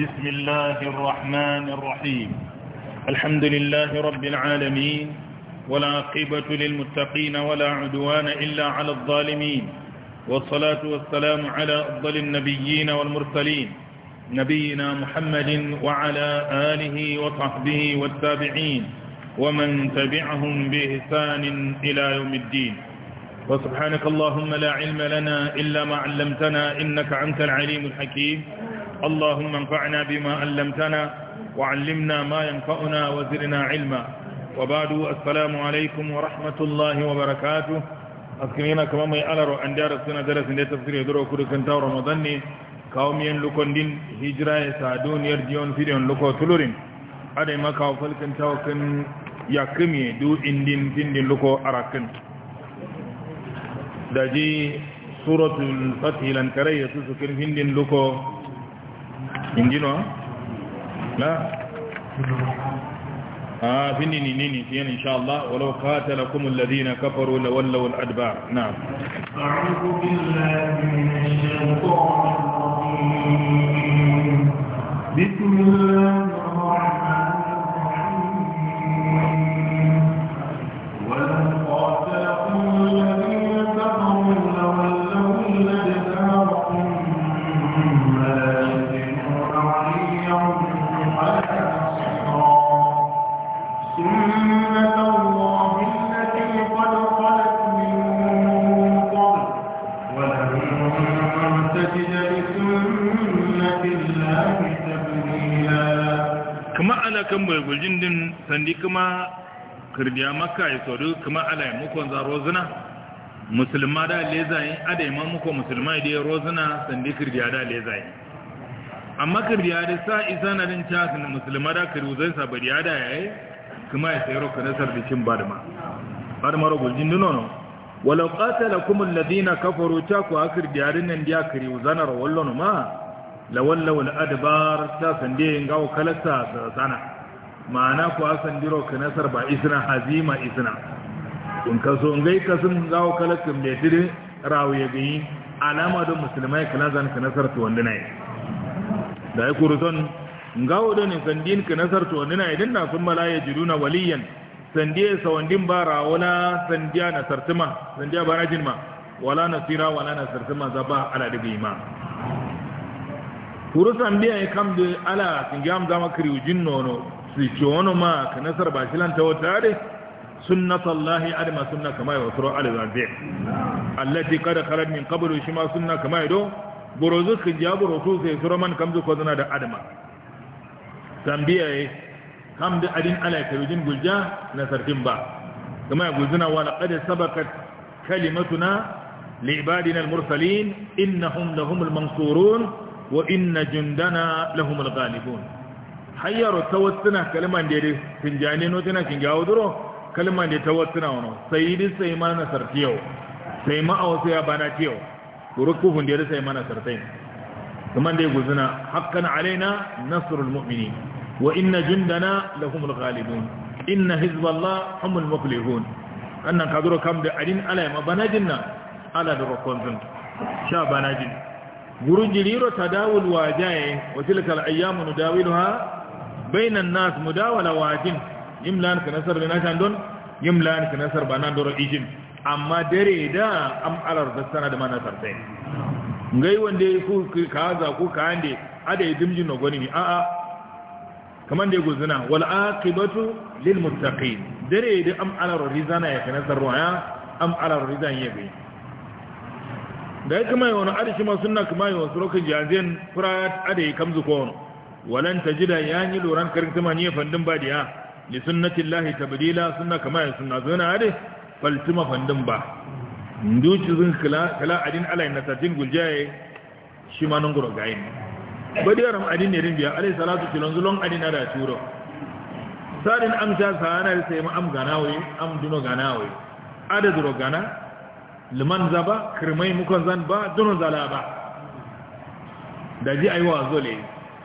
بسم الله الرحمن الرحيم الحمد لله رب العالمين والعاقبة للمتقين ولا عدوان إلا على الظالمين والصلاة والسلام على أفضل النبيين والمرسلين نبينا محمد وعلى آله وصحبه والتابعين ومن تبعهم بإحسان إلى يوم الدين وسبحانك اللهم لا علم لنا إلا ما علمتنا إنك أنت العليم الحكيم اللهم انفعنا بما علمتنا وعلمنا ما ينفعنا وزرنا علما وبعد السلام عليكم ورحمة الله وبركاته askirina kamar mai alar an jara suna darasin da ya tafsir ya zuro kudu kan tawar ramadan ne kawo miyan lukondin hijira ya sadoniyar jiyon firiyon luko tulurin adai maka falkan tawakan ya kimiyya دجي سورة الفتح لن كري يتذكر هند لكو هندين لا ها آه، فيني نيني نيني فين إن شاء الله ولو قاتلكم الذين كفروا لولوا الأدباء نعم أعوذ بالله من الشيطان الرجيم بسم الله kirdiya makka ya sodu kuma ala mukon za rozuna musulma da yi ada iman muko musulma da rozuna sandi kirdiya da yi amma kirdiya da sa isa na din ta musulma da kiruzai sabariya da yi kuma ya sayar ka nasar da cin badma badma rogul dinno no walau qatalakum alladhina kafaro ta ku akir da nan diya kiri zanar wallon ma lawallau al adbar ta sande ngawo kalasa sana ma'ana ku hasan diro ka nasar ba isna hazima isna in ka so ngai ka sun gawo kalakin da dire rawo ya gani alama don musulmai ka zan ka nasar to wanda nai da ya kuruton ngawo don ne sandin ka nasar to wanda nai dinna kun malaya jiruna waliyan sandiye sawandin bara na sandiya nasartuma sandiya barajin ma wala nasira wala nasartuma zaba ala daga imam kurusan biya ya kam da ala sun gyam zama kiriwujin nono su wani ma ka nasar ba shi lanta wata ne sunnat Allah adama suna kama yawa sura al-zanzi allati kada khalat min qablu shi ma sunna kama yado buruzu khijabu su sai sura man kamzu ko zuna da adama tambiya hamdu adin ala tarujin gulja na sarkin ba kama gulzuna wa laqad sabakat kalimatuna لعبادنا المرسلين إنهم لهم المنصورون وإن جندنا لهم الغالبون hayyaro tawassuna kalman da dai tinjani no tana kin gawo duro kalman da tawassuna wono sayyidi sai ma na sartiyo sai ma aw sai bana tiyo ruku fun da sai ma na sartai kaman dai guzuna hakkan alaina nasrul mu'minin wa inna jundana lahumul ghalibun inna hizballah humul muflihun annan kaduro kam da adin alai ma banajin na ala da rokon zun sha banajin gurun jiriro tadawul wajaye wa tilkal ayyamu nudawiluha bainan nas mudawala wajin yimlan ka nasar da nashan don yimlan ka nasar ba nan doro ijin amma dare da am alar da sana da mana sartai ngai wanda ku ka za ku ka ande ada dimjin no goni a a kaman da guzuna wal aqibatu lil muttaqin dare da am alar rizana ya kana sarwaya am alar rizan ya bai da kuma yana arshi ma sunna kuma yana surokin jazin fura ada kamzu ko walan tajida yani loran karintuma ne fandin ba diya li sunnatillahi tabdila sunna kama ya sunna zona ade faltuma fandin ba nduci zun adin alai nasatin guljaye shi ma nan gayin badi ram adin ne rin biya alai salatu kilon zulon adin ada turo sadin amta sanar sai mu am duno ganawe ada duro gana liman zaba kirmai mukon zan ba duno zala ba da ji aiwa zole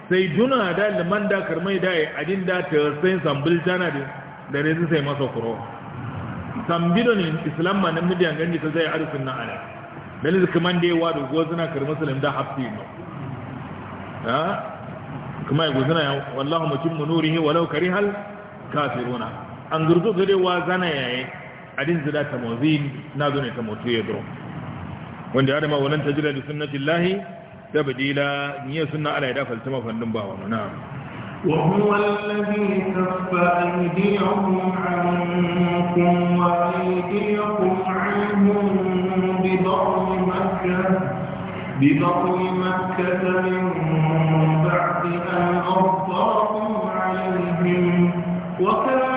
sai juna da liman da karmai da adin da ta sai sambil jana da ne sai masa kuro sambido ne islam ma nan da gani ta zai arifin na ala da kaman da yawa da gozuna karmi musulun da hafi no ha kuma ya gozuna ya wallahu mutimmu nurihi walau karihal kafiruna an gurzo gare wa zana yayi adin zida ta mawzin na zo ne ta mutu ya duro wanda ya rama wannan tajira da sunnatillahi تبديلا ني سنة على يدا فلتما فندن باونا نعم وهو الذي كف أيديهم عنكم وأيديكم عنهم ببطن مكة ببطن مكة من بعد أن أرضاكم عليهم وكان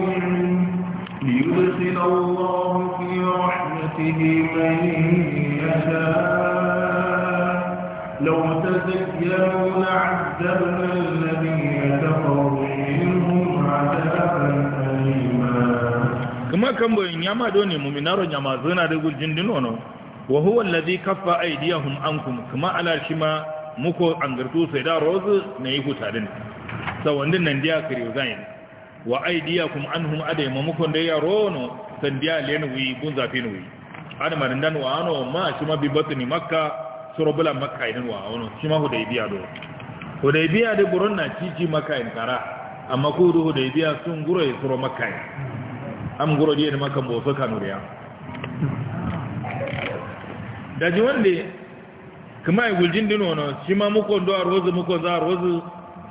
do ne muminaro nyama zona da guljin dinono wa huwa allazi kaffa aydiyahum ankum kuma ala shima muko angartu sai da rozu ne yi hutadin sa wandin nan dia kare zain wa aydiyakum anhum ma muko da ya rono san dia len wi bun zafin wi adamarin dan wa ano ma shima bi batni makka surubula makka idan wa ano shima biya do hudaybiya da burun na cici makka in kara amma ko biya sun gura ya suro e makka amguro diye kanu mboso kanuriya daji wande kuma ai guljin dino no shi ma muko ndo arwozu muko za arwozu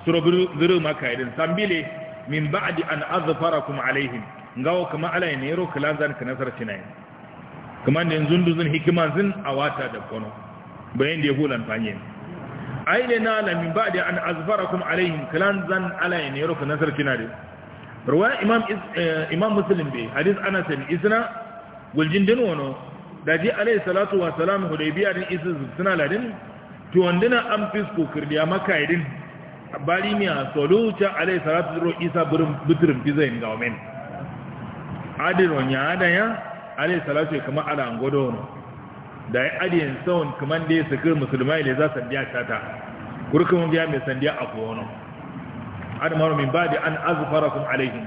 surobir biru maka idan sambile min ba'di an azfarakum alaihim ngawo kuma alai ne ro kalazan ka nasar cinai kuma ne zunduzun hikima zin awata da kono bayan da ya hulan fanye aile na la min ba'di an azfarakum alaihim kalazan alai ne ro ka nasar cinai ruwa imam eh, imam muslim bi hadis anas bin isna guljindin wono da ji alayhi salatu wa salam hudaybiya din isu suna ladin to wandina am fisku kirdiya makaidin bari mi a alayhi salatu ro isa burin bitirin bizayin gawmen adir wanya adaya alayhi salatu kama ala angodo wono da ya adiyan sawon kaman da ya sakir musulmai ne za sandiya tata kurkuma biya mai sandiya a kowono admaru min ba'di an azfarakum alaihim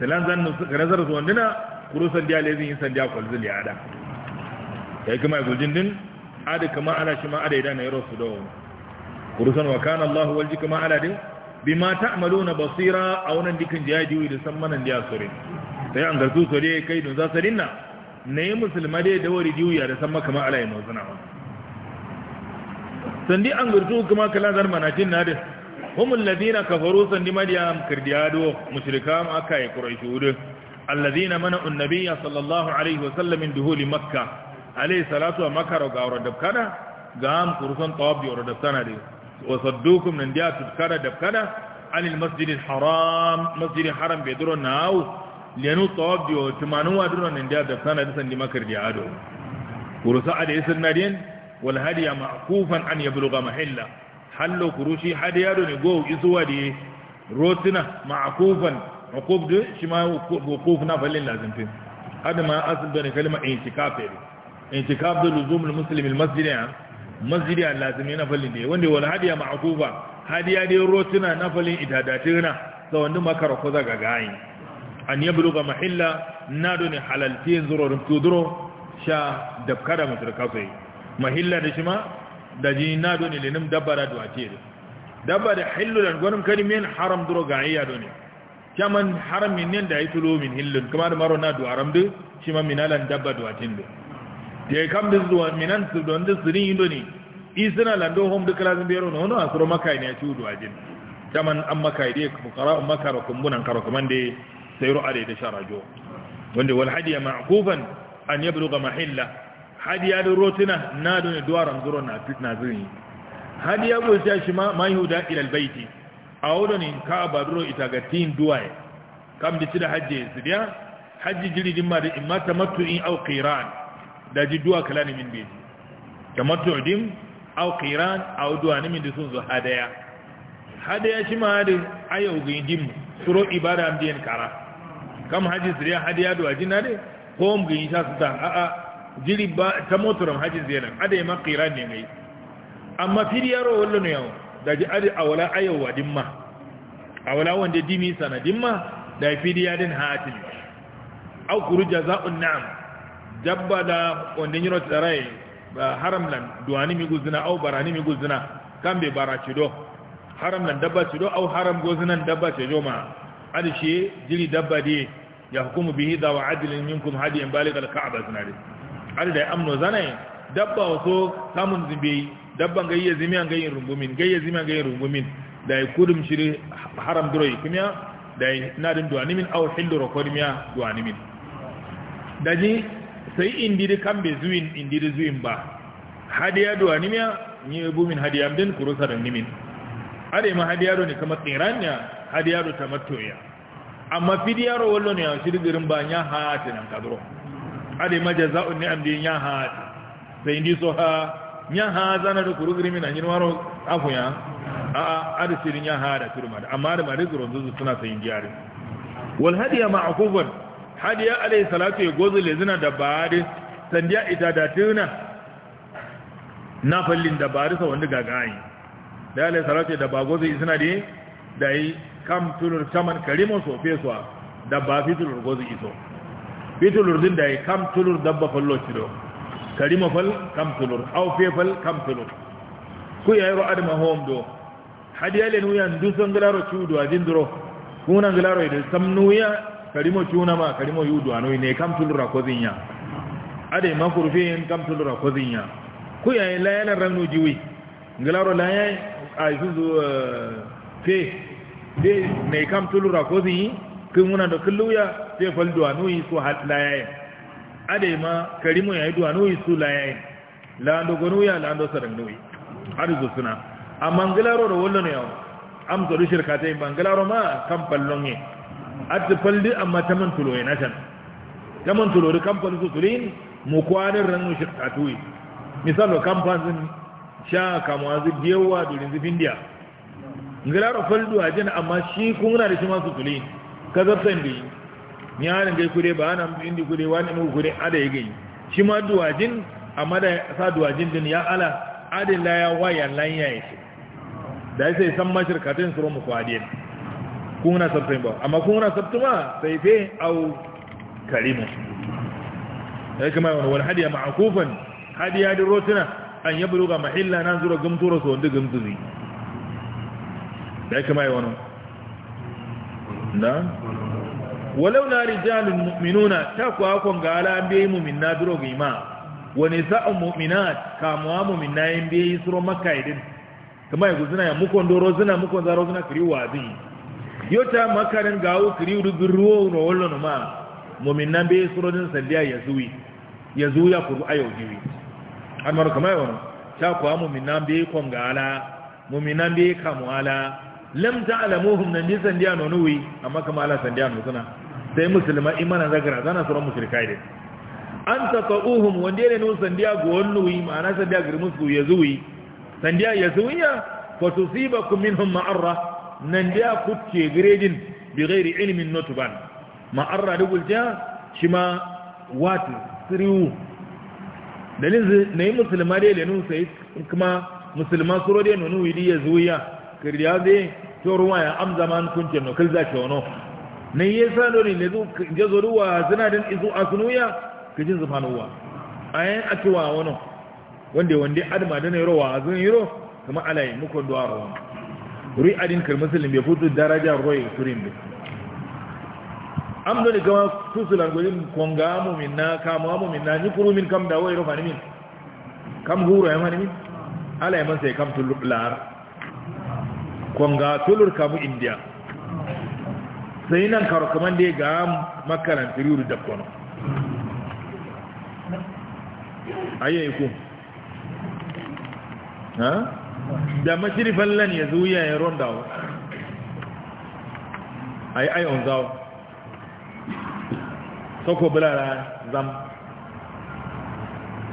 salan zannu razar zuwandina kurusan diya lazin yin sandiya kwalzul ya ada sai kuma ya guljin din ada kama ala shi ma na idan ya rasu dawo kurusan wa kana Allahu' walji kama ala din bima ta'maluna basira a wannan dikin jiya diwi da san manan diya sore sai an garzu sore kai don za Na yi musulma dai da wari diwi da san maka ma ala yin wasana sandi an garzu kuma kala zarmana cin na da هم الذين كفروا سند مريم كرديادو مشركام أكاي قريشود الذين منعوا النبي صلى الله عليه وسلم من دخول مكة عليه الصلاة ومكة وقاورة دبكنا قام قرصان طواب يورة دبسانا دي وصدوكم من ديات دبكنا دبكنا عن المسجد الحرام مسجد الحرام بيدرو ناو لأنه طواب يورة تمانوا درو من ديات دبسانا دي سند مكر ديادو قرصان عليه السلام والهدي معقوفا أن يبلغ محله hallo kurushi hadi yaro ne go isuwa da rotina ma'akufan hukuf da shi ma hukuf na falin lazimfin hada ma asib da ne kalma intikaf ne intikaf da luzum al-muslim al-masjid ya masjid ya lazimi na falin da wanda wal hadiya ma'akufa hadiya da rotina na falin idadatina sa wanda makara ko zaga gayin an yabluga mahilla nado ne halalti zuro rubtu duro sha dabkada mutarkafai mahilla da shi ma da jina doni lenim dabbara da dabba da hillu da gonum kadi men haram duro gaiya doni kaman haram min nen da ay tulo min hillun kuma da maro na do haram shi ma minalan dabba do ya de da zuwa do minan su don dis rin indoni isna lando hom de kala zambero no no asro makai ne ci do ajin kaman an makai de fuqara makara kumbunan karo kaman de sayru ade da sharajo wanda wal hadiya ma'kufan an yablugha mahilla hadiya ya da rotuna na don duwaran zuro na fit na zuri ya bulta shi ma yuda ila albayti a wurin ka ba duro ita ga tin duwaye kam da ci da hajji su biya hajji jiridin ma da imma in au qiran da ji duwa kalani min bi din au qiran aw duwa ne min da sun zo hadaya hadaya shi ma da ayo gindim suro ibada am kara kam hajji su biya hadiya duwa jinna de ko mu gin sha su ta a'a jiri ba ta motoron hajji zenan ada yi makira ne mai amma fili yaro wallo ne yau da ji adi wala ayowa dimma A wala wanda dimi sana dimma da fili yadin hatin au kuru jaza'un na'am dabba da wanda yiro tsarai haramlan duwani mi guzina au barani mi guzina kan bai bara cido haramlan dabba cido au haram gozinan dabba ce joma adi shi jiri dabba dai ya hukumu bihi da wa adilin minkum hadiyan balik al-ka'ba zinare har da amno zanai dabba wato samun zimbe dabban gayya zimiyan gayyin rungumin gayya zimiyan gayyin rungumin da ya kudum shiri haram duroi kuma da ya nadin duwanimin au hillu rakodimiya duwanimin da ji sai indiri kan be zuwin indiri zuwin ba hadiya duwanimiya ni ya bumin hadiya din kurusa da nimin ade ma hadiya ne kama tsiranya hadiya ta matoya amma fidiyaro wallo ne a shirgirin ba ya hatinan kadro ade majaza'u ni'am di nyaha sai indi so ha nyaha zana da kurugri min anyin waro afu ya a ade sirin nyaha da turma da amma da mari zuron zuzu suna sai indi are wal hadiya ma'qufan hadiya alayhi salatu ya gozu le zina da bare sandiya ita da tuna na fallin da bare sa wanda gagayi da alayhi salatu da bagozu suna da dai kam tulur kaman karimo so fesuwa da ba fitul gozu iso bitulur din da ya kam tulur dabba fallo ciro karima fal kam tulur aufe fal kam tulur ku ya yaro adama home do hadiya le nuya ndu sangalaro do, adin duro kuna ngalaro ide samnuya karimo chuna ma karimo yudu anu ne kam tulura kozinya ade ma kurfin kam tulura kozinya ku ya la yana ranu jiwi ngalaro la ya aizu eh, fe fe ne kam tulura kozinya kin muna da kulluya sai fal duwanuyi su hal yayin ade ma karimu yayi duwanuyi su la yayin la ando gonuya la ando sarannuyi arzu suna amma ngalaro da wallo ne yawo am zaru shirka tai bangalaro ma kam fallon ne at faldi amma taman tulo ne nashan taman tulo da fal su tulin mu kwanin mu shirka tuyi misalo kamfan sha zu biyawa durin bindiya ngalaro faldu ajin amma shi kun na da shi ma su tulin kazabtan bi nyaran gai kure ba mutu indi kure wani mu kure ada yake shi ma duwajin amma da sa duwajin din ya ala adin la ya waya lan ya yi da sai san mashirkatin suru mu kwadin kun na sabtin ba amma kun na ma sai fe au karimu sai kuma wal hadiya ma'kufan hadiya din rotuna an yabluga mahilla nan zura gumtura so wanda gumtuzi da kuma yi wannan na walau na rijalun mu'minuna ta kuwa kon ga ala an biye mu minna duro gima wani sa'an mu'mina kamuwa mu minna yin biye suro maka idin kama ya guzina ya mukon doro zina mukon zaro zina kiri wazi maka makarin gawo kiri rubin ruwa na wallon ma mu'min na biye isro din sandiya ya zuwi ya ya kuru ayo jiwi amar kama yi wani ta kuwa mu'min na biye kon ga ala mu'min na biye kamuwa ala lam ta'lamuhum nan ni sandiya no nuwi amma kama ala sandiya no suna sai musulma imana zagara zana suran mushrikai da an taqauhum wanda ne no sandiya go wonnuwi ma'ana sandiya girmus ku yazuwi sandiya yazuwiya fa tusibakum minhum ma'arra nan da kuce gredin bi ghairi ilimin notban ma'arra da gulja shi ma watu siriwu dalin na yi musulma da yalenu sai kuma musulma suro da yalenu wili ya zuwiya kiryabe to ruwa ya am zaman kunce no kilza chono ne yesa do ne lezu jazo ruwa zina din izu asnuya kijin a ayen atuwa wono wande wande adma da ne rowa zun yiro kuma alai muko duwa rowa ri adin kal muslim be futu daraja roye turin be am do ni kama tusulan gudun konga mu na, kama mu na, ni kuru min kam da wai rofa ni min kam huru ya ni min alai man sai kam tular konga tulur kamu india sai nan karo kaman da ga makaran tiriru da kono ayye ku ha da mashrifan lan yazu ya yaron dawo ay ay on zawo soko bulara zam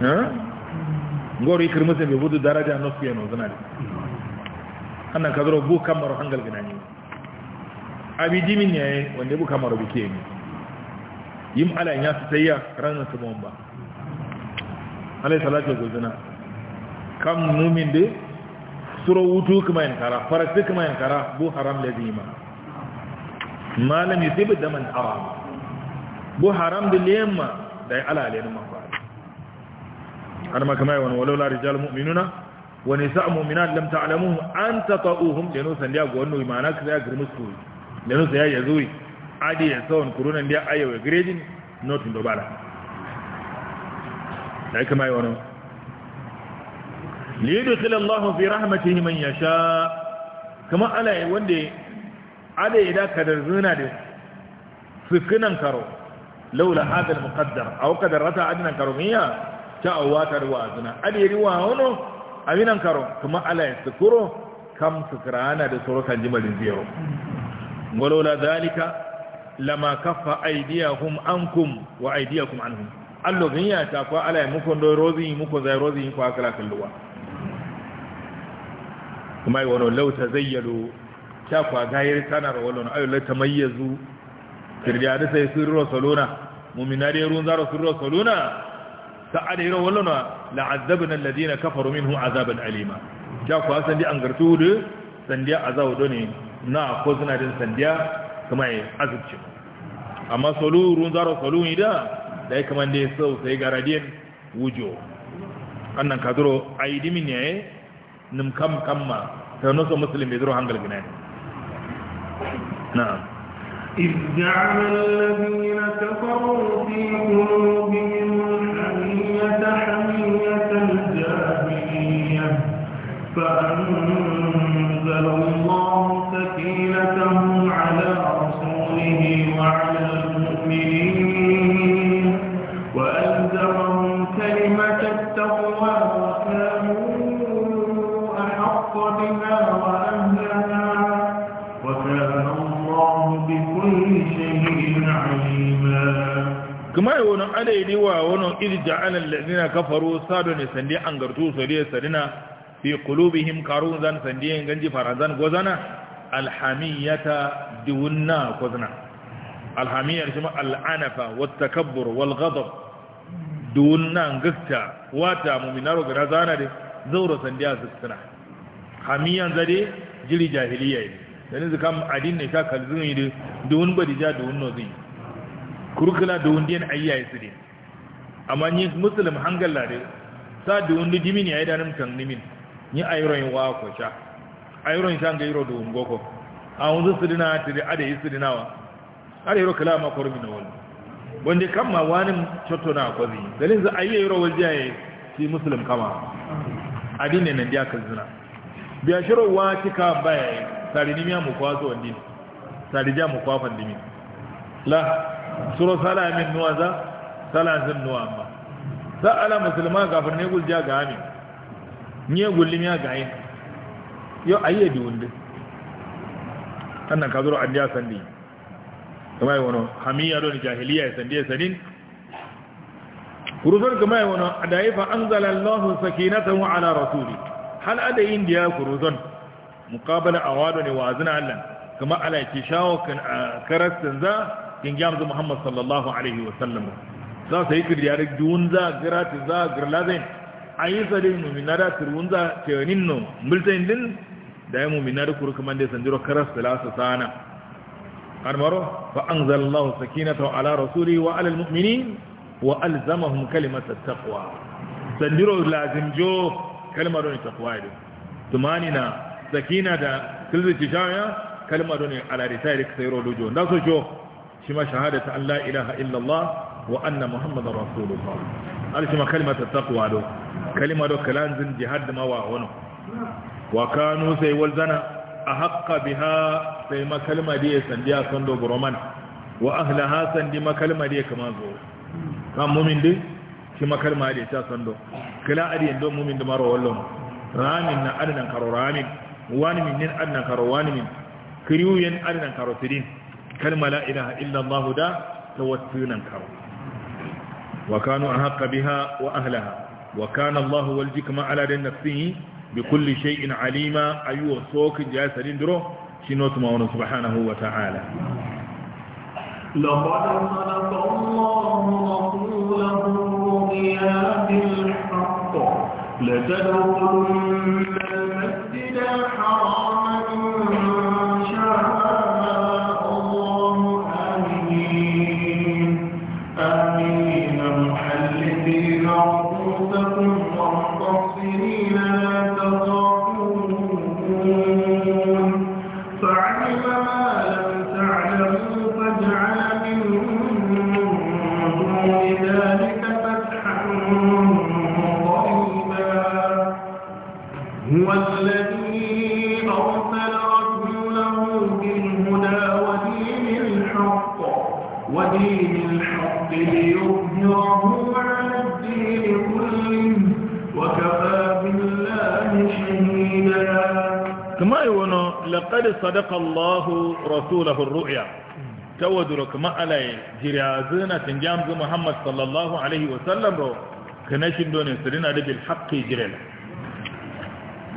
ha ngori kirmusin bai budu daraja nofiya no zanali annan ka zuro bu kan maro hangal ne. abi jimin ne wanda bu kan maro bike ne yim ala ya su tayya ranar su bomba alai salatu gozuna kam mumin de suro wutu kuma yin kara farasi kuma yin kara bu haram zima malam yusib da man awa bu haram da lemma da ala lemma ba har makamai wani walola rijal mu'minuna wa nisaa'u mu'minat lam ta'lamuhum an tata'uhum lanu sandiya go wannan imana ka ya girmus ko lanu sai ya zuwi adi ya sawon kuruna ndiya ayo ya grejin notin do bala dai kama yono li yudkhil Allah fi rahmatihi man yasha kama ala wanda ada ida kadar zuna da sukunan karo laula hadal muqaddar aw qadarata adnan karumiya ta awatar wa azna adi riwa hono aminan karo kuma ala tsukuro kam sukrana da tsoro kan jimalin zero walola zalika lama kaffa aidiyahum ankum wa aidiyakum anhum allo gin ya ta kwa ala muku do rozi muku zai rozi ko akala kalluwa kuma yi wono law ta zayyalu ta kwa gayar sanar wani ayu la tamayyazu kirdiya da sai sirro salona mu'minari ruwan zaro sirro salona sa'ada yiro wallona la'azzabna alladhina kafaru minhu azaban alima ja ko sandi an gartu da sandiya azabu ne na ko suna din sandiya kuma ya azubci amma solurun zaro soluni da dai kaman dai sau sai garadin wujo annan yi dimin ne nim kam kamma tano so muslim zuru hangal gina na'am إذ جعل الذين كفروا في قلوبهم فأنزل الله سكينته على رسوله وعلى المؤمنين وأنزلهم كلمة التقوى وكانوا أحق بها وأهلها وكان الله بكل شيء yi wani wa wani irja alal lalzina kafaru sadon ya sandi an gartu su fi qulubihim karunzan sandiyen ganji faranzan gozana alhamiyata diwunna gozana alhamiyar shi al'anafa wat takabbur wal ghadab diwunna gakta wata mu'minaro zana de zauro sandiya zikra hamiyan zade jiri jahiliya ne dan kam adin ne ta kalzun yi diwun badija duwun no zai kurkula duwun din ayyaye su din amma ni musulun hangalla de sa diwun dimini ayi danim kan nimin ni ayro in wa ko sha ayro in shanga iro do ko a wuzu sidina tiri ade isidina wa ade ro kala ma kormi na wani. bonde kam ma wani chotto na ko zi dalin za ayi iro wal jaye ti muslim kama adine ne dia kan zina biya shiro wa tika baya tari ni miya mu kwazo wandini tari ja mu kwafan mi la suro sala min nuwaza sala zin nuwa amma ala musulma gafar ne gulja ga amin nye gulli ya gaye yo ayye di wunde annan ka zuru andiya sandi kuma yi wani hamiya don jahiliya ya sandi sadin. sanin kurusar kuma yi wani a dayi fa an zalallahu sakinatahu ala rasuli hal adayin da ya kuruzon mukabala a wado ne wa zina allan kuma ala ki shawo karastin za kin gyamzu muhammad sallallahu alaihi wasallam za su yi kiryar duwun za gratis za girlazin A yi ayisade muminada turunza teoninno mbilten din da ya muminada kuru kamande sanjiro karas da salasa sana armaro fa sakina ta ala rasulihi wa ala almu'minin wa alzamahum kalimata taqwa sanjiro lazim jo kalmaro ni taqwa din tumanina sakinata tilzi shaya kalmaro ni ala ritairik sayro dojo ndaso jo shima shahadatu an la ilaha illallah wa anna muhammadar rasulullah arshima kalimata taqwa do kalima do kalan jihar jihad ma wa wono wa kanu sai wal zana ahqqa biha sai ma kalma di sandiya son do groman wa ahlaha sandi ma kalma di kaman zo kan mumin di shi ma kalma di ta son do kala adi do mumin di maro wallon ramin na adnan karo ramin wani min nin adnan karo wani min kiriyuyen adnan karo tidin kalma la ilaha illa allah da tawassunan karo وكانوا أحق بها وأهلها وكان الله والجكم على نفسه بكل شيء عليما أيها سوك جاسة لندره شنوت مون سبحانه وتعالى لقد صدق الله رسوله الرؤيا بالحق لتدخلن المسجد الحرام رسوله الرؤيا تودرك ما علي جرازنا تنجامز محمد صلى الله عليه وسلم رو كنشن دون سرنا لدي الحق جريلا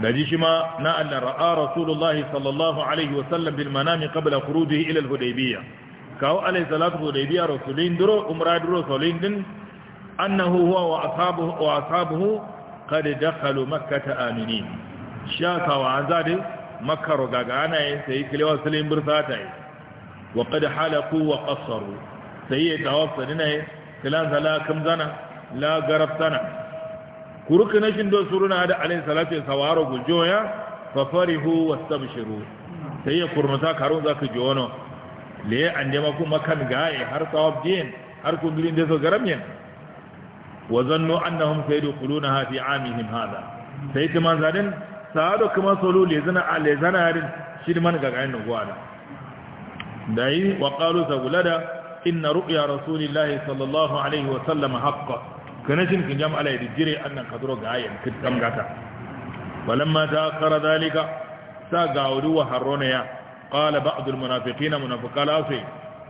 نجيش ما نأل رأى رسول الله صلى الله عليه وسلم بالمنام قبل خروجه إلى الهديبية كاو عليه الصلاة الهديبية رسولين درو أمراد رسولين دن أنه هو وأصحابه, وأصحابه قد دخلوا مكة آمنين شاكا وعزاده makaro gaga ana yin sai kilewa silin birsa ta yi wa qad halaku wa qassaru sai ya tawassani ne kilan sala kam zana la garabtana kuruk na shin do suruna da alayhi salatu sawaro guljoya fa farihu wastabshiru sai ya kurnuta karun zaka jono le an jama ku makan gaye har sawab din har ku girin da so garamyen wa zannu annahum saydukhulunaha fi amihim hada sai kuma zanin saado kuma solo le zana ale zana rin shi man ga gayin gwana dai wa qalu sagulada inna ru'ya rasulillahi sallallahu alaihi wa sallam haqqa kana shin kin jam alai dijire annan kadro gayin kin tamgata walamma ta qara dalika sa gauri wa harona ya qala ba'd al na munafiqala fi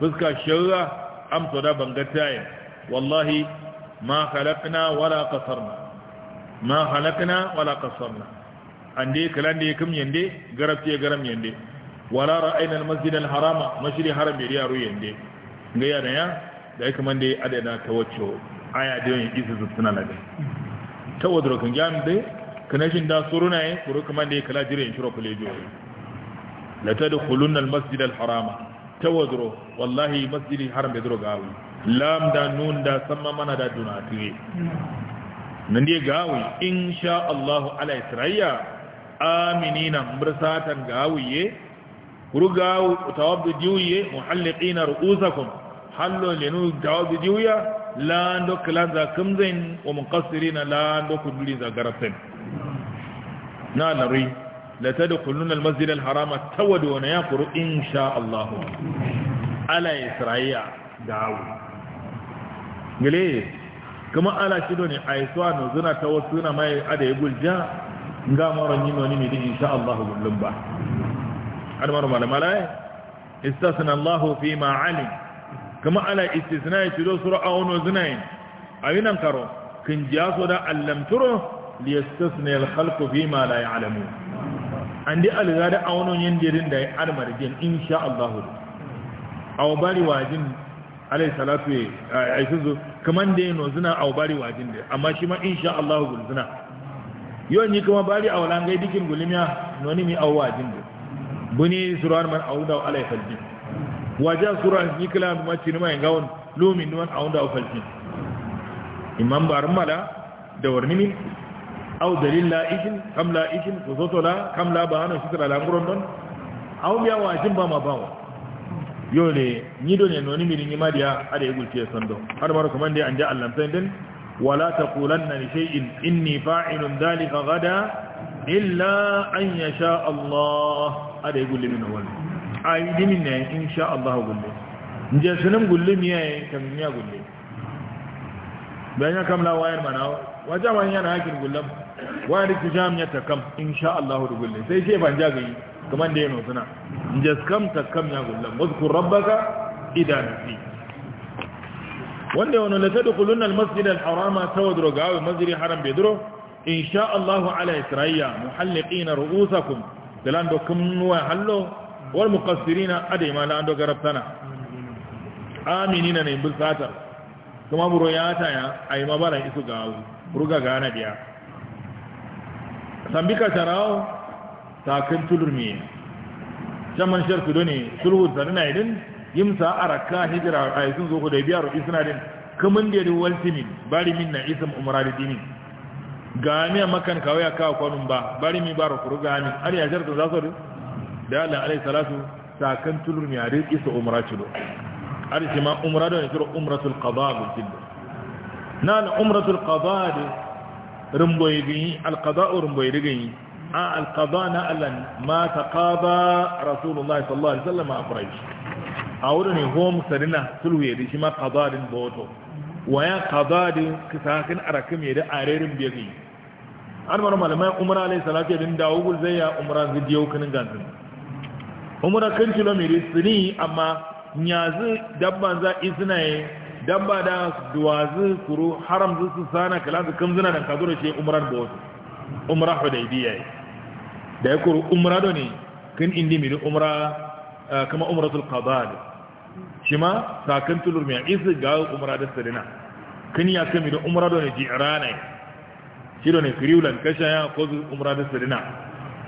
fuska shawra amsa to da bangatayin wallahi ma khalaqna wala qasarna ma khalaqna wala qasarna ande kalande kam yende garabte garam yende wala ra'ayna al-masjid al-harama mashri haram yari yaro yende ngaya da ya da man dai adana tawaccio aya da yin isu na dai tawadro kan jam de kanashin da suruna kuru kuma dai kala jire in shiro kulejo la tadkhuluna al-masjid al-harama tawadro wallahi masjid haram yadro gawi lam da nun da samma mana da ne hmm. nan dai gawi insha Allah ala isra'iya aminina mursatan kuru rugawu tawabdu jiwiye muhalliqina ru'usakum hallo lenu tawabdu jiwiya la ndo kilanza kumzin wa muqassirina la ndo za garabtin na lari la tadkhuluna almasjid alharama tawadu wa yaqru insha Allah ala isra'iya gawu gele kuma ala shido ne aiswa no zuna tawassuna mai ada yagulja nga moro ni no ni mi di insha Allah gullum ba an maro mala mala eh? istasna Allah fi ma alim kama ala istisna ya tudo sura awno zinain ayinan karo kin jaso da allam turo li yastasna al khalqu fi ma la ya'lamu andi alga da awno yin dirin da armar din insha Allah aw bari wajin alai salatu eh, eh, ai sun kaman da yano zina aw bari wajin da amma shi ma insha Allah zina ni kuma bari awalan gai dikin gulimiya noni mi awwa da. buni surar man awda alai falji waja surar nikla ma cinuma ngawon lumi non awda falji imam barmala da min aw dalil la ikin kam la ikin ko zoto la kam la bahano shitra la nguron don aw biya jin ba ma bawo yole ni do ne noni mi ni madiya ada yugul ce sondo har mar kuma dai an ja Allah din ولا تقولن لشيء إني فاعل ذلك غدا إلا أن يشاء الله هذا يقول لي من أول عايدي مني إن شاء الله أقول لي نجسنم قل لي مياه كم مياه قل لي بأن كم لا واير مناو وجاء من يانا هاكين قل لهم واير اكتشام يتكم إن شاء الله أقول لي سيشي فانجاقي كمان دينو سنا نجس كم تكم يا قل لهم واذكر ربك إذا نسيت wanda wani la tadkhuluna al-masjid al-harama tawadru gawi masjid haram bedro insha Allah ala isra'iya muhalliqina ru'usakum dalando kumwa hallo wal muqassirina adima lando garabtana aminina ne bulsata kuma buro ya ta ya ai mabara isu gawo ruga gana biya sambika tarao takin tulurmi jaman shirku doni sulhu zarina idin yimsa araka hijira a yasin zo hudaybiya ro isnadin kaman da da waltimin bari min na ism umrali dini gani makan kawai aka kwanun ba bari mi baro kuru gani an ya jarta za su da Allah alaihi salatu sakan tulur mi ari isa umra cilo arshi ma umra da ne kiro umratul qada gutin na na umratul qada rumboyi ganyi al qada rumboyi ganyi a al na allan ma taqada rasulullahi sallallahu alaihi wasallam a quraish a wurin ne hom sarina sulhu yadda shi ma kazadin boto ya kazadin kisakin arakim yadda a rerin biya an mara malamai umara alai salafi yadda dawo gul zai ya umara zai diyo kanin gansu umara kan kilomiri sini amma nyazi dabban za izina ya dabba da duwazi kuru haram zu su sana kalan su kam zina da kazo shi umara boto umara hudaybiya da ya kuru umara do ne kin indi miri umara Ah, kama umratul qada shi ma sakan tulur mai isi ga umra da sadina kan ya kami da umra da ji jirana shi da ne kriulan kasha ya ko umra da sadina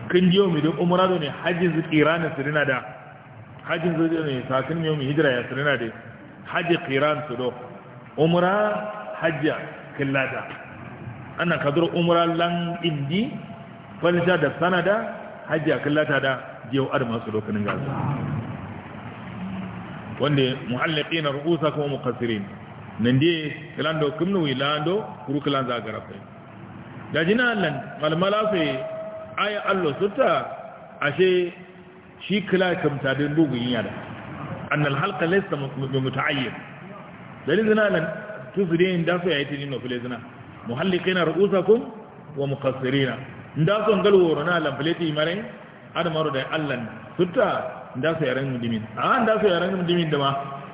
kan jiyo mi da umra da ne hajjin zikirana sadina da hajjin zikirana ne sakin mi yomi hijira ya sadina da hajji qiran su do umra hajja kullada ana kadur umra lan indi falsha da sanada hajja kallata da diyo arma su lokacin gasu wanda kuma ru'usakum muqassirin nandi kilando kimnu ilando kuru kilan za ga rafa da jina allan malmala fe aya allo sutta ashe shi kila kamta din bugu yin yada an al halqa laysa mutaayyib dalil zina allan tuzudin da fa ayati lino fil zina muhalliqina ru'usakum wa muqassirina nda son galworo na allan filati imare adamaru da allan sutta da su yaren mudimin a da su yaren mudimin da ma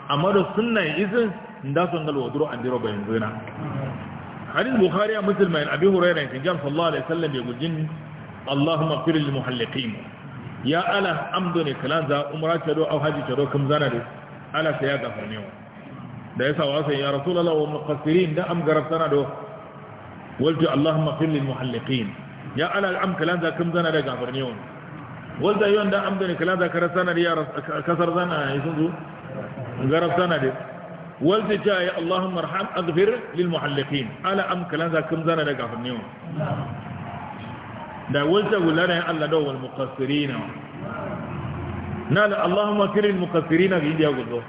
amma da sunna izin da su ngal wadru an diro bayan zina hadith bukhari a muslima in abi hurairah kan jam sallallahu alaihi wasallam ya gujin allahumma qir lil muhalliqin ya ala amduni kalan za umra ta au haji ta do kam zana da ala sai ya gafarne wa da yasa wasa ya rasulullah wa muqassirin da am garabtana do walti allahumma qir lil muhalliqin ya ala am kalan za kam zana da gafarne wa wanda yawan da amdani kala za karar sanar ya kasar zana ya sun zo garab sanar ya, wanda ta yi Allahumma raham azfir lil ala am kala za kum zana da gafar ne da wanda wulana ya Allah da wal muqassirin na la Allahumma kir al muqassirin ga indiya gudo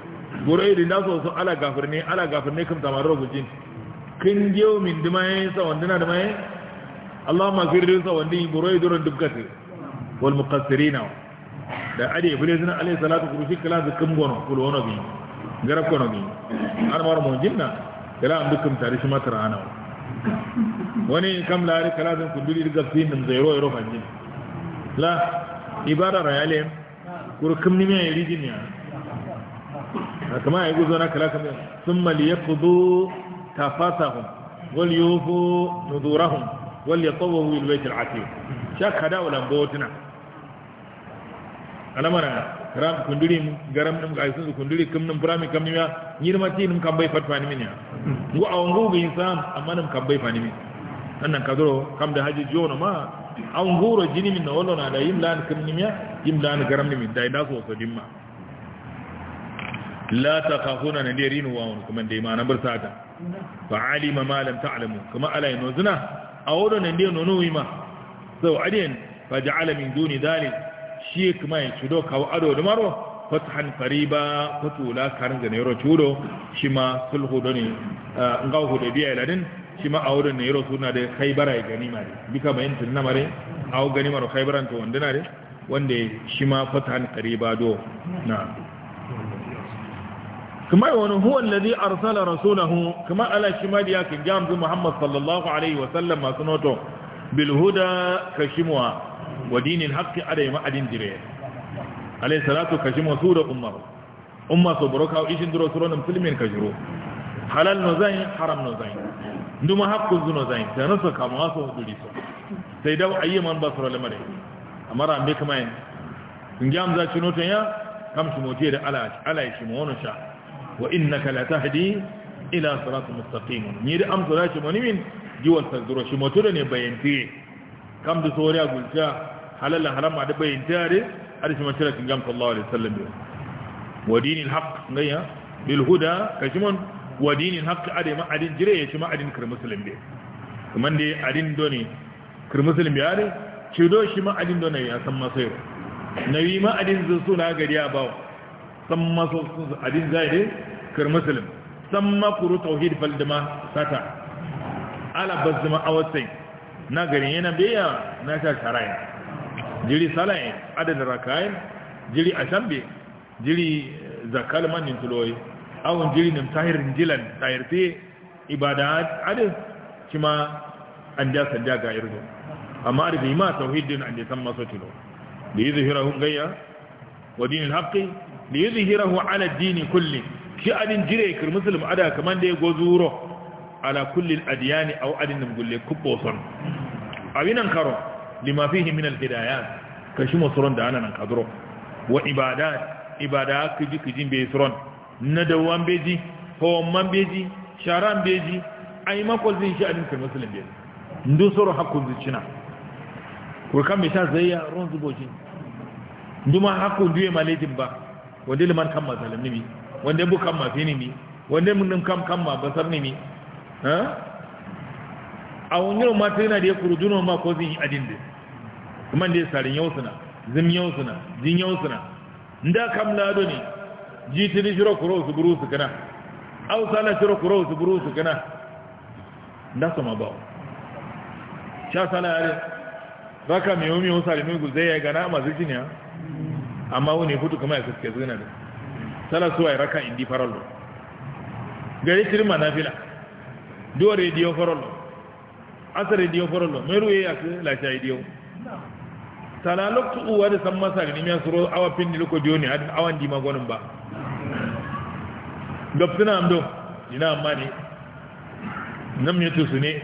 gurai da naso su ala gafar ne ala gafar ne kum tamaro gujin kin diyo min dumaye sa wanda na dimaye Allahumma kir sa wanda gurai duran dubkatu wal muqassirina da ade bule zina alayhi salatu kurushi kala da kumbono kulono bi garab kono bi an mar mo jinna kala am dukum tare shi matara wani kam lari kala zan kunduli daga sin nan zairo yaro fanjin la ibada rayalem kurkum ni me yiri jinya kama ya guzo na kala kam thumma liyaqdu tafatahum wal yatawu bil bayt al atiq shakka da wala botina alamara ram kunduri garam dum ga sun kunduri kum num prami kam niya yirma ti num kam bai fatwa ni minya ngu awangu ga insan amma num kam bai fani min annan kadro kam da haji jono ma awnguro jini min wolo na da yimlan kum niya yimlan garam ni min dai da so so dimma la takhafuna na dirin wa kuma dai ma na bursata fa alima ma lam ta'lamu kuma ala yanzuna awodon nan dai nono wima so adiyan fa ja'ala min duni dalil shi kuma ya chudo kawo ado da maro fathan qariba fatula karin ne ro chudo shi ma sulhu doni ngaw hu da biya ladin shi ma ne ro suna da khaybara ya gani mare bika bayin tunna mare aw gani maro khaybaran to wanda na re wanda shi ma fathan do na kuma wani huwa alladhi arsala rasulahu kuma ala shimali ya kin muhammad sallallahu alaihi wa sallam masu noto bil huda kashimwa wa dinil haqqi adai ma adin dire alaihi salatu kashimwa sura ummah umma so baraka ishin duro sura nan filmin halal no haram zain nduma haqqu zuno zain sai duri so sai dau ayyaman basra lamare amara ambe kama yin kin jamza chinoto ya kam shi da ala ala sha wa innaka la tahdi ila siratin mustaqim ni da amsa da shi mani min jiwal sadro shi mutu da ne bayanti kam da soriya gulta halalan harama da bayanti are arshi mashara kin gam sallallahu alaihi wasallam wa dinil haqq ngaya bil huda kashimon wa dinil haqq ade ma adin jire ya shi ma adin kar muslim be kuma dai adin doni kar muslim be are ci do shi ma adin doni ya san masai nawi ma adin zu suna gariya bawo san maso adin zai dai kar musulun san makuru tauhid faldima sata ala bazuma awasai na garin yana biya na sha sharayin jiri salayin adadin rakayin jiri ashambe jiri eh, zakal manin tuloyi awon jiri nim tahirin jilan tahirte ibada adin cima an ja sanja ga irgo amma da bi ma tauhidin an san maso tulo da yuzhirahu gayya wa dinil haqqi li yuzhirahu ala ad-din kulli shi adin jire kir muslim ada kaman da ya gozuro ala kulli adiyani aw adin gulle kubo son abinan karo lima fihi min alhidayat kashi musuron da anan kadro wa ibadat ibada kiji kijin be suron na dawan beji man beji sharan beji ai mako zin shi adin kir muslim beji ndu soro hakku zicina ko kan me sha zayya ron zubojin nduma ndu e malejin ba wonde liman kamma salam nimi wonde bu kamma finimi wonde mun kam kamma basar nimi a wani yau mata yana da kurjuno ma ko zin adinde kuma da sarin yau suna zim yau suna jin yau suna nda kam lado ne Jitin tini shiro kuro su buru su kana au sala shiro kuro su buru su kana nda so ma ba sha sala yare raka miyo miyo sarin miyo zai ya gana masu ya amma wani hutu kuma ya suke zina da sala suwa raka indi farallo gari tirma na fila do rediyo farallo asa rediyo farallo mai ruwe ya su lashe rediyo sala loktu uwa da san masa gani ya suro awa pin da diyo ne awan dima gwanin ba gabsina amdo ina amma ne nam ya su ne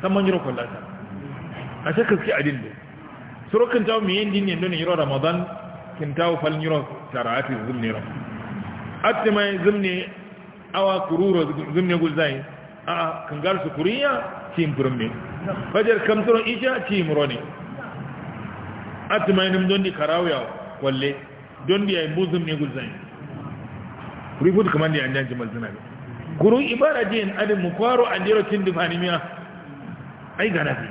san manjiro kwallata a shakka adin da surukin jawo mai yin din ne don yiro ramadan kintawo falniron tarati zimniron mai zimne awa kururo zimne gulzai a kangar su kuriya tim burmi fajar kamturon isha cim rone mai nim dondi karawya kwalle dondi ay buzum ne gulzai ribut kaman ne anjan jimal zina kuru ibara jin adin mukwaro andiro tindi animiya ai ganafi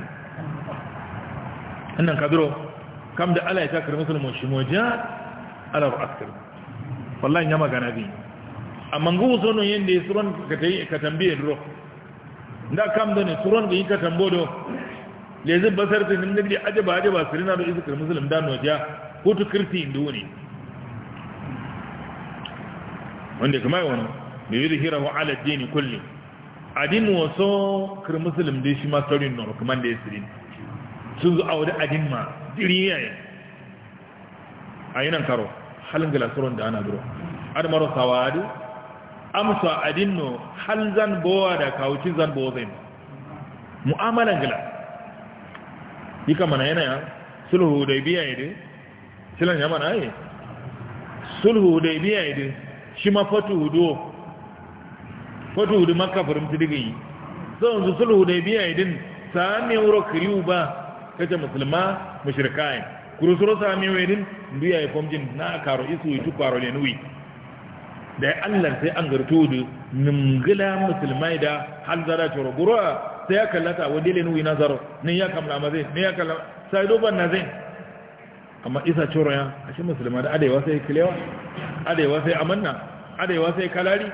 annan kadro kam da Allah ya takar musulmi shi moja ala askar wallahi ya magana bi amma ngu zono yende suron ka tayi ka tambiye duro da kam da ne suron ga yika tambodo le zin basar tin nin da ajaba ajaba sirina da izikar musulmi da noja ko to kirti indu ne wanda kuma yawan hira wa ala din kulli adin so kir musulmi da shi ma sarin no kuma da yasirin sun zo wuri adin ma yi nan karo halin galasuron da ana duro maro sawadu amsa adinno hal zan bowa da kawucin zan bowa zai mu'amalan gila yi kama na ya? sulhu da biya yi dai silan yaman ayi sulhu da biya yi dai shi ma fatu hudu fatu hudu maka farimci diga yi zan su sulhu da biya yi din ne wuro kiriu ba kace musulma mushrikai kurusuro sami wedin ndu ya fomjin na karo isu itu karo ne nuwi da Allah sai an garto da ningila musulmai da halzara zara coro gura sai ya kallata wa dele nuwi nazaro ne ya kamla mazai ne ya kallama sai doban na zai amma isa coro ya a shi musulma da adewa sai kilewa adewa sai amanna adewa sai kalari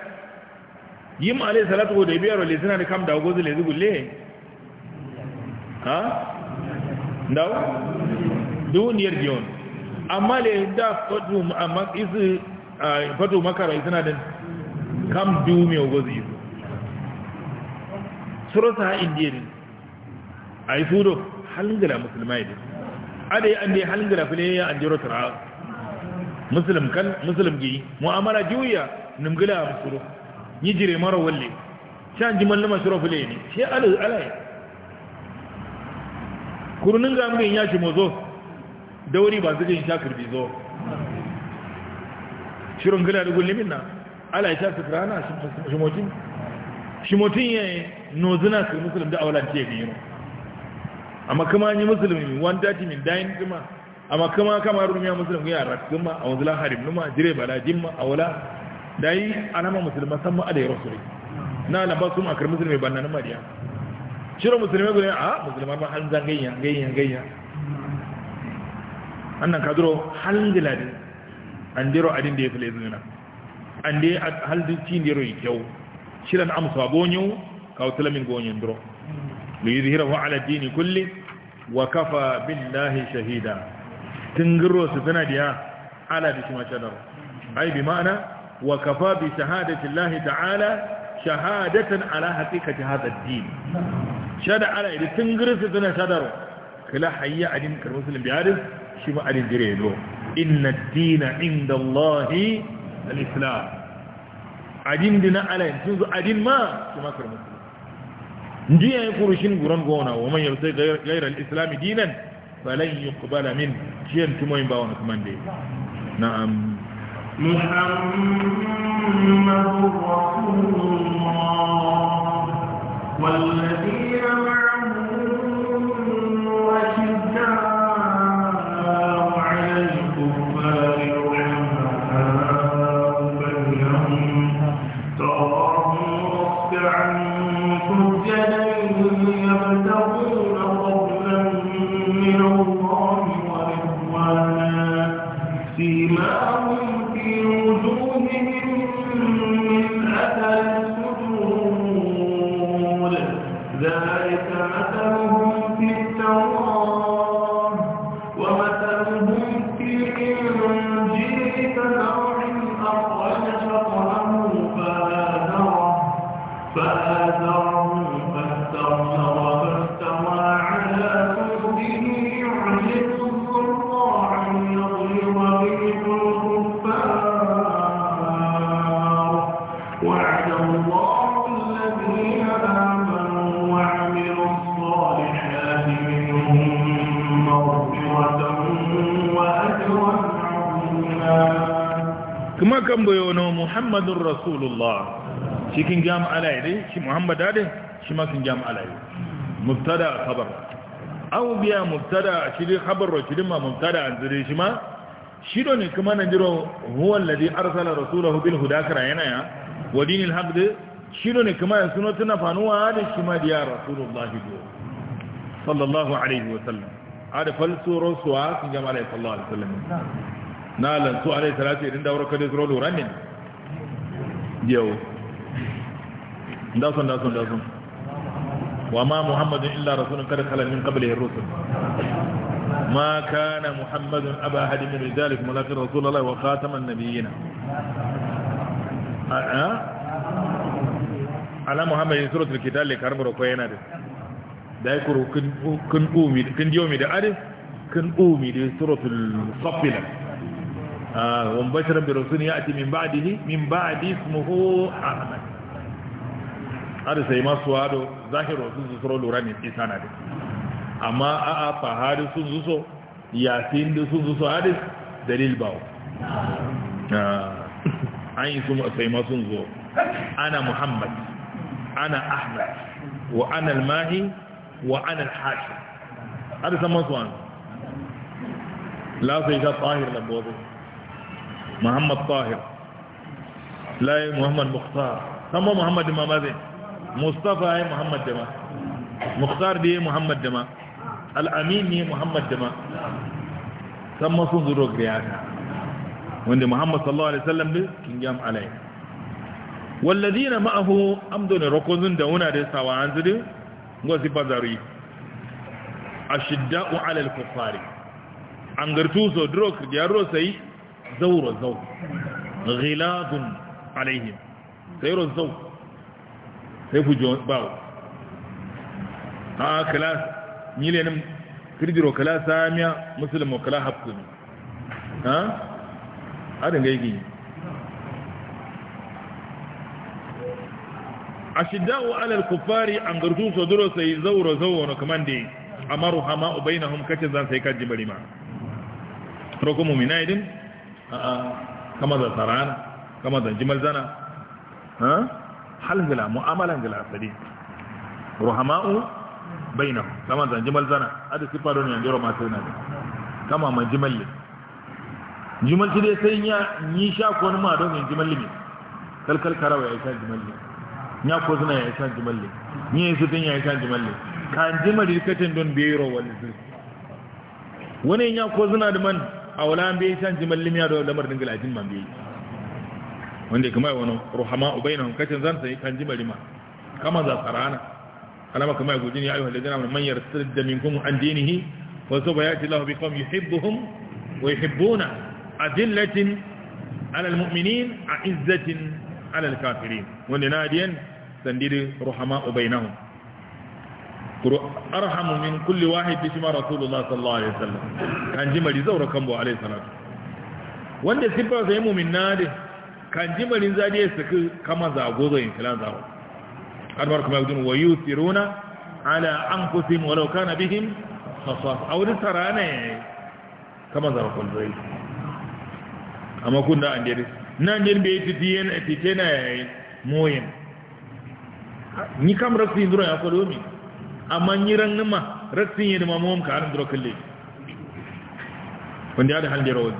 yim alai salatu da biyar le suna da kam da gozo le zugulle ha ndawo duniyar yarjiyon amma le da fadu makara isna din kam biyu me ogozi isu surata ha indiya ne a yi sudo halingala yadda. ne yi an dai halingala fule ya an jero tara musulun kan musulun gini. mu'amala juya numgila a musulu yi jire mara walle shi an ji mallama shiro fule ne shi alayi kurunin gamin ya shi mozo dauri ba zai sha kirbi zo shirin gila da gullimin na ala ya sha shi na shimotin shimotin ya yi nozina su musulun da awalance ya gani amma kama yi yi wanda ti min dayin kuma amma kama kama ya musulun ya rasu kuma a wanzulan harim numa jire bala jimma a da yi alama musulman san ma'ada ya rasu na lamba su makar musulmi banna na mariya shirin musulmi gudun a Musulmar ma an zan ganyan ganyan gayyan annan kadro haldiladi andero adin da ya fule zina ande haldi tindero yi kyau shiran amsa gonyo kawo tulamin gonyon duro da yi zihirahu ala dini kulli wa kafa bin lahi shahida tungiro su tana diya ala da shi mashadar ai bi ma'ana wa kafa bi shahadatillahi ta'ala shahadatan ala haqiqati hadha ad shada ala idan tungiro su tana shadar kala hayya adin kar muslim bi hadis شما علي جريدو إن الدين عند الله الإسلام أدين دين على سنزو أدين ما شما كرم الإسلام نجي أن يعني يقول شين قران قونا ومن يبسي غير الإسلام دينا فلن يقبل من جين شما ينباونا كمان دي نعم محمد رسول الله والذين معه ambata din shi ma sun jami alayi mubtada khabar an biya mubtada shi dai khabar shi dai ma mubtada an zire shi ma shi don ne kuma na jiro huwa alladhi arsala rasulahu bil huda yana ya wa dinil haqd shi don ne kuma ya na tuna fanuwa da shi ma diya rasulullahi do sallallahu alaihi wa sallam rasuwa sun jami alayi sallallahu alaihi wa sallam na lantu alaihi salatu idan da warkar da zuro lura ne yau داسون داسون داسون وما محمد الا رسول قد خلت من قبله الرسل ما كان محمد ابا احد من ذلك ولكن رسول الله وخاتم النبيين على محمد سوره الكتاب لكرم ركوينا دي داي كرو كن كن اومي كن ديومي دي ادي كن اومي دي سوره الصفلة آه ومبشر برسول ياتي من بعده من بعد اسمه احمد hadisa ma suwado zahiro sun su suro lura ne isana da amma a'a fa hadis sun su so yasin da sun su so hadis dalil bawo an yi su sai ma sun zo ana muhammad ana ahmad wa ana almahi wa ana alhashi hadisa ma suwan la sai ka tahir labobi muhammad tahir la muhammad mukhtar sama muhammad ma mazin Mustapha ya muhammad dama mukhtar da ya muhammad dama al'amin ya muhammad dama san masu zuro ga yasa wanda muhammad sallallahu alaihi wasallam ne kin yam alai wallazina ma'ahu amdon rokozun da una da sawa an zudu ngosi bazari ashidda'u 'ala al-kuffari an gartu so duro ya rosai zawro zaw ghilabun alaihim sayro zau. sai fu jon bawo a ah, kala ni le nan kirjiro kala samiya muslim kala hafsun ha adin gaigi ashidda'u 'ala al-kuffari an gardu sadro sai zauro zawro zawro kaman dai amaru ubaina bainahum kace zan sai kaji bari ma roko mu'mina idin kama zan saran kama zan jimal zana ha halgila mu'amalan gila asali ruhama'u bainahu kama zan jimal zana ada sifa don yanzu roma sai na da kama man jimal ne jimal shi dai sai ya yi sha ko wani ma don yanzu jimal ne kalkal karawa ya sha jimal ne ya ko zina ya sha jimal ne ni yayin sutun ya sha jimal Ka kan jimal rikatin don bero wani su wani ya ko zina da man a wala an bai sha jimal ne ya da lamar dingila jin man bai wanda kuma yi wani ruhama ubainan kacin zan sai kan ji marima kama za sarana alama kuma ya guji ne ayyuka lajina mai manyar sirda min kuma an dinihi wasu ba ya ce lahu bi kwan yuhibbuhum wa yuhibbuna adillatin alal mu'minin a izzatin alal kafirin wanda na diyan sandiri ruhama ubainahum arhamu min kulli wahid bi shima rasulullah sallallahu alaihi wasallam kan ji mari zaura kan bo alaihi salatu wanda sibba sai mu'min na dai kan ji marin zadi ya saki kama zagozo in filan zawo albar kuma yudun wa yusiruna ala anfusihim walau kana bihim khasas aw ni tarane kama zawo kun zai amma kun da an dare nan jin bai ti diyen ti tena moyen ni kam rasin duro ya kodo mi amma ni ran nima rasin yi da mamom ka an duro kalle wanda ya da halin jero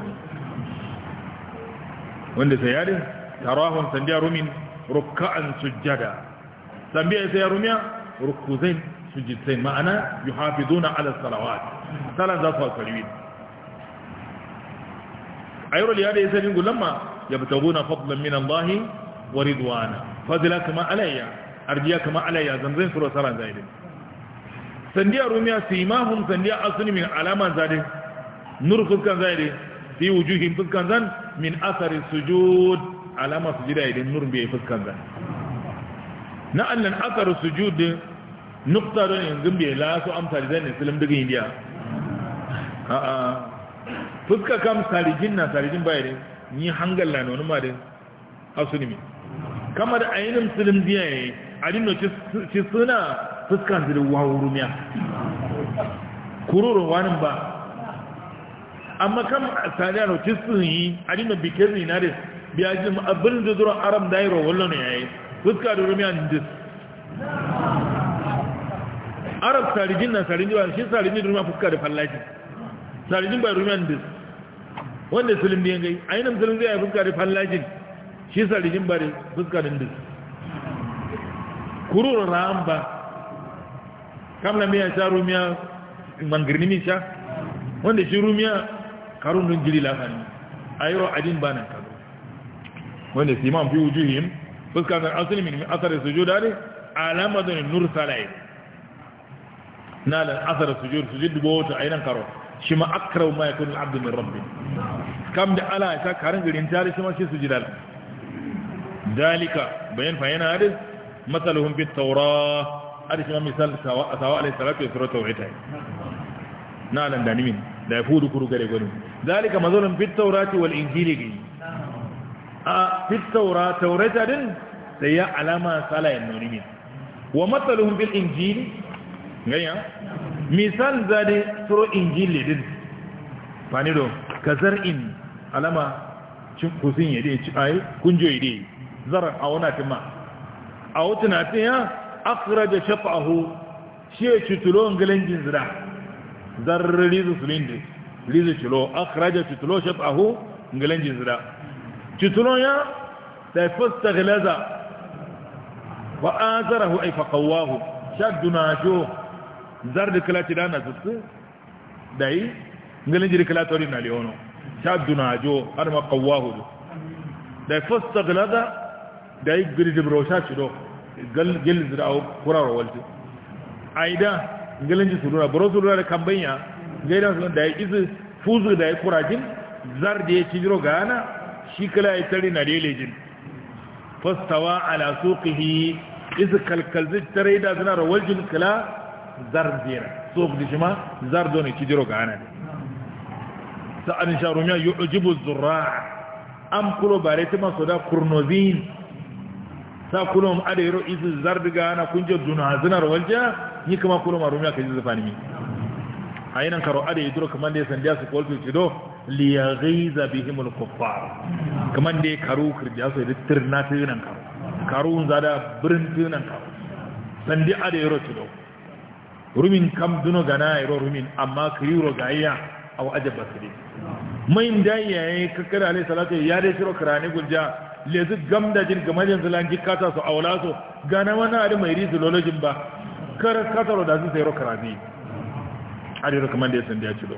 wanda sai yare tarahum sanjiya rumin ruk'an sujjada sanbiya sai rumiya rukuzain sujjadain ma'ana yuhafizuna ala salawat salat za su alkalwi ayyul yare sai ningu lamma yabtaguna fadlan min Allah wa ridwana fadla kama alayya arjiya kama alayya zanzan suru salat zaidin sandiya rumiya simahum sandiya asuni min alama zaidin nur fuskan zaidin fi wujuhin fuskan zan min asari sujud alama sujida idan nur bai fuskan zan na annan asari sujud nukta don yanzu bai lasu amsa da zan islam daga indiya a'a fuska kam sarijin na sarijin bai ne ni hangalla na wani ma da asunimi kama da ainihin musulun biya ne a dinno ci suna fuskan zirin wawurumiya kururin wani ba amma kam sadano tisin yi adina bikin zinaris biya jim abin da zuwa aram dairo wallon ya yi fuska da rumiyan dis arab sarijin na sarijin ba shi sarijin rumiyan fuska da fallaki sarijin ba rumiyan dis wanda sulun biyan gai ainihin sulun zai fuska da fallaki shi sarijin ba fuska da dis kurur ram ba kam miya sha rumiya mangirni sha wanda shi rumiya karun nun jiri lafani ayro adin banan kado wanda siman fi wujuhim fuska zan asali min asar sujuda ne alamadun nur salaye na da asar sujud sujud dubo wata ainihin karo shi ma akrau ma yakun al'abdu min rabbi kam da ala ya sa karin garin tare shi ma shi sujudal dalika bayan fahimta hadis matsalahun fi taura hadis ma misal sawa alaihi salatu ya sura taurita na nan da da ya fudu kuru gare gwani zalika mazalin fit taurati wal injili gani a fit taura taurata din da ya alama salayen nuni ne wa matsalin bil injili ganyan misal zane turo injili din fanido ka in alama kusin ya dai ci ayi kunjo ya dai zarar a wana tima a wutunatin ya akira da shafahu shi ya ngalin jin zira zarri rizu sulinde rizu cilo akhraja tutulo shatahu ngilan jizra tutulo ya da fasta glaza wa azarahu ay faqawahu shadduna jo zarri kalati dana tutsu dai ngilan jiri kalatori na leono shadduna jo har ma qawahu da fasta glaza dai girdi brosha cilo gel zira kuraro walti aida ngelenji suruna boro suruna da kambanya ngaidan sun da izu fuzu da kurajin zar da ya cijiro gana shi kala ya tari na lelejin fastawa ala suqihi izu kalkalzi tare da zina rawaljin kala zar dira suq dishma zar ne cijiro gana sa'an sharumiya yu'jibu zurra am kulo bare ta da kurnozin sa kulum ada yaro izu zardiga na kunje duna zinar walja ni kuma kulum arumiya ka ji zafani mi ayinan karo ada yidro kaman da sandiya su kolfi cido li yaghiza bihim al kuffar kaman da karu kirja su da tirna tinan karo karu zada birin tinan karo sandi ada yaro cido rumin kam duno gana yaro rumin amma kiriro gayya aw ajabasiri mayin da ya yi kakkar alai salatu ya dai shiro karani gunja lezu gamda jin game da zulan kata su aula su gane wani adi mai rizu lolojin ba kar kasar da su sayar karani a da kuma da ya san da ci do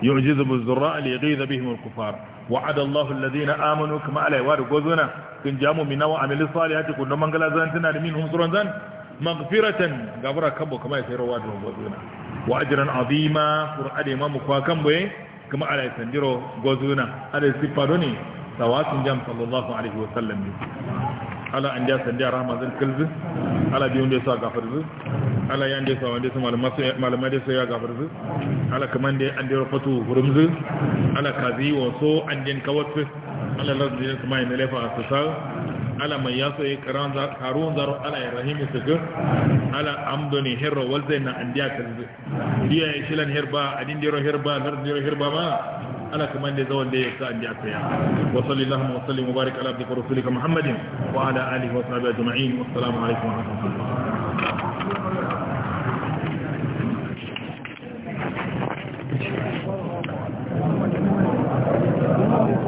yu'jizu buzurra al yaghiza bihim al kufar wa'ada allah alladhina amanu kama alai wa gozuna kun jamu min wa amil salihati kun mangala zan tana da min hum suran zan magfiratan gabara kabo kama sayar wa gozuna wa ajran azima qur'ani ma mu kwakan boye kuma ala sanjiro gozuna ala sifaroni tawatun jam sallallahu alaihi wasallam ala an ja sandiya rahma zan ala biyu da sa gafar zu ala yande da sa wanda su malamai da su ya gafar zu ala kaman da an da rufatu hurum zu ala kazi wa so an din ala lazdi da kuma yin lefa a su ala man yaso e karan za karun zaro ala ya rahimi sugu ala amdoni herro walzai na andiya kanzu diya ya shilan herba adin diro herba nar diro herba ma ala kuma da zawon da ya sa andiya saya wa sallallahu wa sallim mubarak ala abdika rasulika muhammadin wa ala alihi wa sahbihi ajma'in wassalamu alaikum wa rahmatullahi Thank you.